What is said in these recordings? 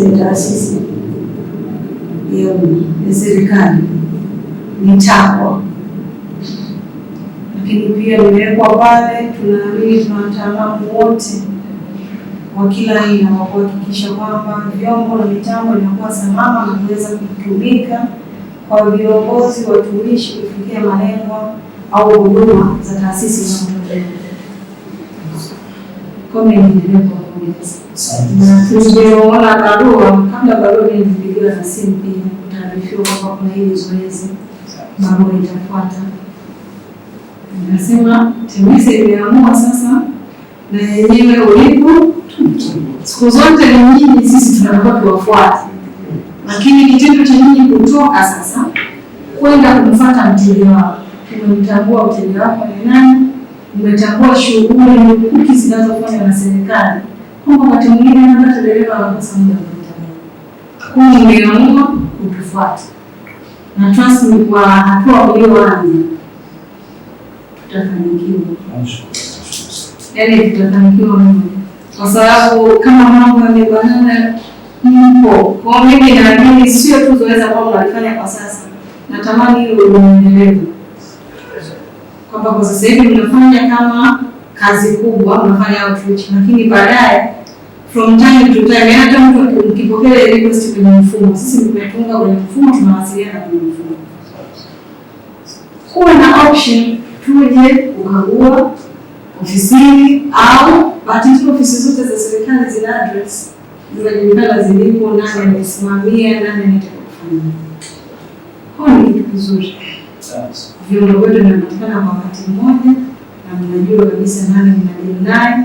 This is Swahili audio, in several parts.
taasisi ni taasisi, hiyo ni serikali, ni TAKWA, lakini pia nimewekwa pale. Tunaamini tuna wataalamu wote wa kila aina wa kuhakikisha kwamba vyombo na mitambo inakuwa salama na kuweza kutumika kwa viongozi, watumishi kufikia malengo au huduma za taasisi zinazotolewa. Kombe inaendelea kuwaongeza, tulipoona barua, kabla barua nilipigiwa na simu pia kutaarifiwa kwamba kuna hili zoezi, barua itafuata. Nasema TEMESA imeamua sasa, na yenyewe ulipo, siku zote ni nyinyi, sisi tunakuwa tuwafuate, lakini kitendo cha nyinyi kutoka sasa kwenda kumfuata mteja wako, tumemtambua mteja wako ni nani umetambua shughuli lukuki zinazofanywa na serikali kwamba wakati mwingine hata dereva anakosa muda wa kutembea, kwa hiyo mmeamua kutufuata, na trust ni kwa hatua ulioanza tutafanikiwa, yaani tutafanikiwa mno, kwa sababu kama mambo yamebanana mpo kwa mimi, naamini sio tu zoeza kwamba nalifanya kwa sasa, natamani hilo liendelee kwamba kwa sasa hivi mnafanya kama kazi kubwa, mnafanya outreach, lakini baadaye from time to time, yaani hata mtu mkipokea request kwenye mfumo, sisi tumetunga kwenye mfumo, tunawasiliana kwenye mfumo. Kuwa na option tuje kukagua ofisini au batiki. Ofisi zote za serikali zina address, zinajulikana zilipo, nani anasimamia, nani anataka kufanya. Kwa hiyo ni kitu kizuri viungo vyote vinapatikana kwa wakati mmoja, na mnajua kabisa nani mnadili naye.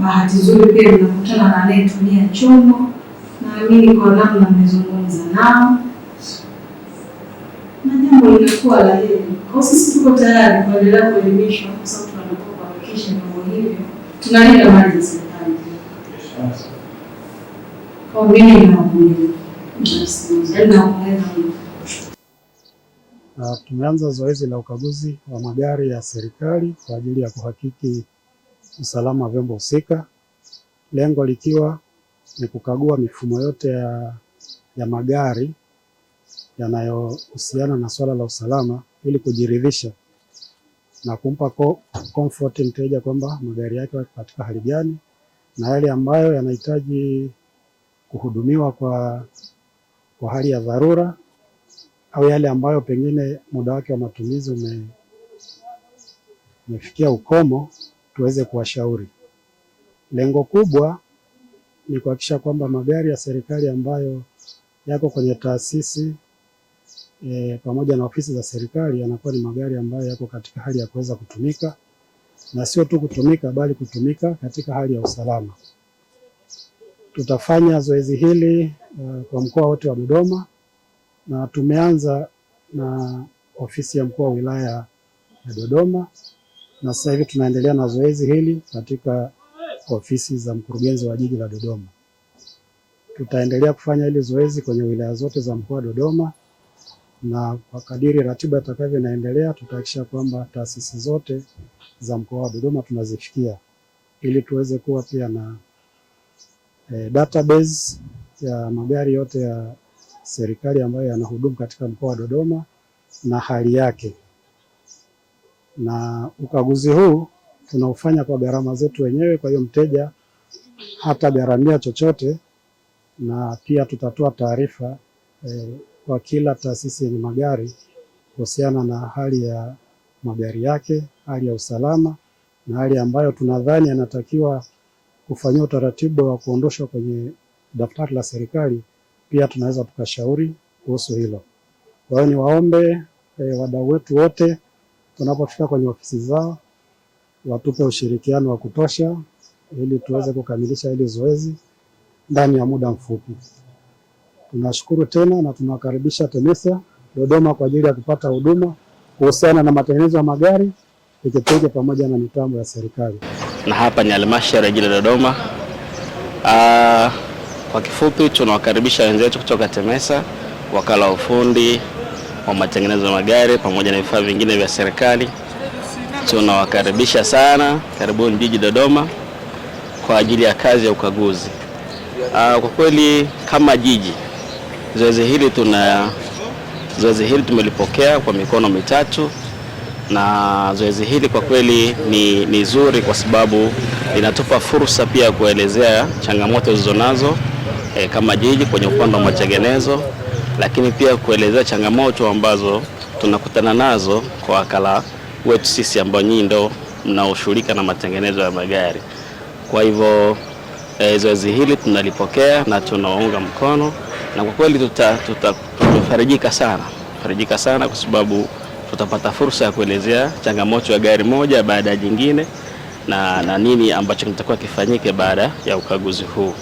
Bahati nzuri pia mnakutana na anayetumia chombo, naamini kwa namna mmezungumza nao na jambo linakuwa la heri. Kwa sisi tuko tayari kuendelea kuelimishwa, kwa sababu tunatakiwa kuhakikisha mambo hivyo tunalinda mali za serikali. Kwa mimi nakuja nasema, naongeza Uh, tumeanza zoezi la ukaguzi wa magari ya serikali kwa ajili ya kuhakiki usalama wa vyombo husika, lengo likiwa ni kukagua mifumo yote ya, ya magari yanayohusiana na swala la usalama ili kujiridhisha na kumpa comfort mteja kwamba magari yake yako katika hali gani na yale ambayo yanahitaji kuhudumiwa kwa, kwa hali ya dharura au yale ambayo pengine muda wake wa matumizi ume, umefikia ukomo, tuweze kuwashauri. Lengo kubwa ni kuhakikisha kwamba magari ya serikali ambayo yako kwenye taasisi e, pamoja na ofisi za serikali yanakuwa ni magari ambayo yako katika hali ya kuweza kutumika, na sio tu kutumika, bali kutumika katika hali ya usalama. Tutafanya zoezi hili uh, kwa mkoa wote wa Dodoma na tumeanza na ofisi ya mkuu wa wilaya ya Dodoma na sasa hivi tunaendelea na zoezi hili katika ofisi za mkurugenzi wa jiji la Dodoma. Tutaendelea kufanya hili zoezi kwenye wilaya zote za mkoa wa Dodoma, na kwa kadiri ratiba itakavyo inaendelea, tutahakikisha kwamba taasisi zote za mkoa wa Dodoma tunazifikia ili tuweze kuwa pia na e, database ya magari yote ya serikali ambayo yanahudumu katika mkoa wa Dodoma na hali yake, na ukaguzi huu tunaufanya kwa gharama zetu wenyewe. Kwa hiyo mteja hata gharamia chochote, na pia tutatoa taarifa eh, kwa kila taasisi yenye magari kuhusiana na hali ya magari yake, hali ya usalama na hali ambayo tunadhani anatakiwa kufanyia utaratibu wa kuondoshwa kwenye daftari la serikali pia tunaweza tukashauri kuhusu hilo. Kwa hiyo niwaombe e, wadau wetu wote tunapofika kwenye ofisi zao watupe ushirikiano wa kutosha ili tuweze kukamilisha hili zoezi ndani ya muda mfupi. Tunashukuru tena na tunawakaribisha TEMESA Dodoma kwa ajili ya kupata huduma kuhusiana na matengenezo ya magari, pikipiki pamoja na mitambo ya serikali. Na hapa ni halmashauri ya jiji la Dodoma. Uh... Kwa kifupi, tunawakaribisha wenzetu kutoka TEMESA, wakala wa ufundi wa matengenezo ya magari pamoja na vifaa vingine vya serikali. Tunawakaribisha sana, karibuni jiji Dodoma kwa ajili ya kazi ya ukaguzi. Aa, ah, kwa kweli kama jiji zoezi hili tuna zoezi hili tumelipokea kwa mikono mitatu na zoezi hili kwa kweli ni, ni zuri kwa sababu linatupa fursa pia ya kuelezea changamoto zilizonazo e, kama jiji kwenye upande wa matengenezo, lakini pia kuelezea changamoto ambazo tunakutana nazo kwa wakala wetu sisi ambao nyinyi ndo mnaoshughulika na matengenezo ya magari. Kwa hivyo e, zoezi hili tunalipokea na tunaunga mkono na kwa kweli tutafarijika tuta, sana farijika sana kwa sababu tutapata fursa ya kuelezea changamoto ya gari moja baada ya jingine na, na nini ambacho kitakuwa kifanyike baada ya ukaguzi huu.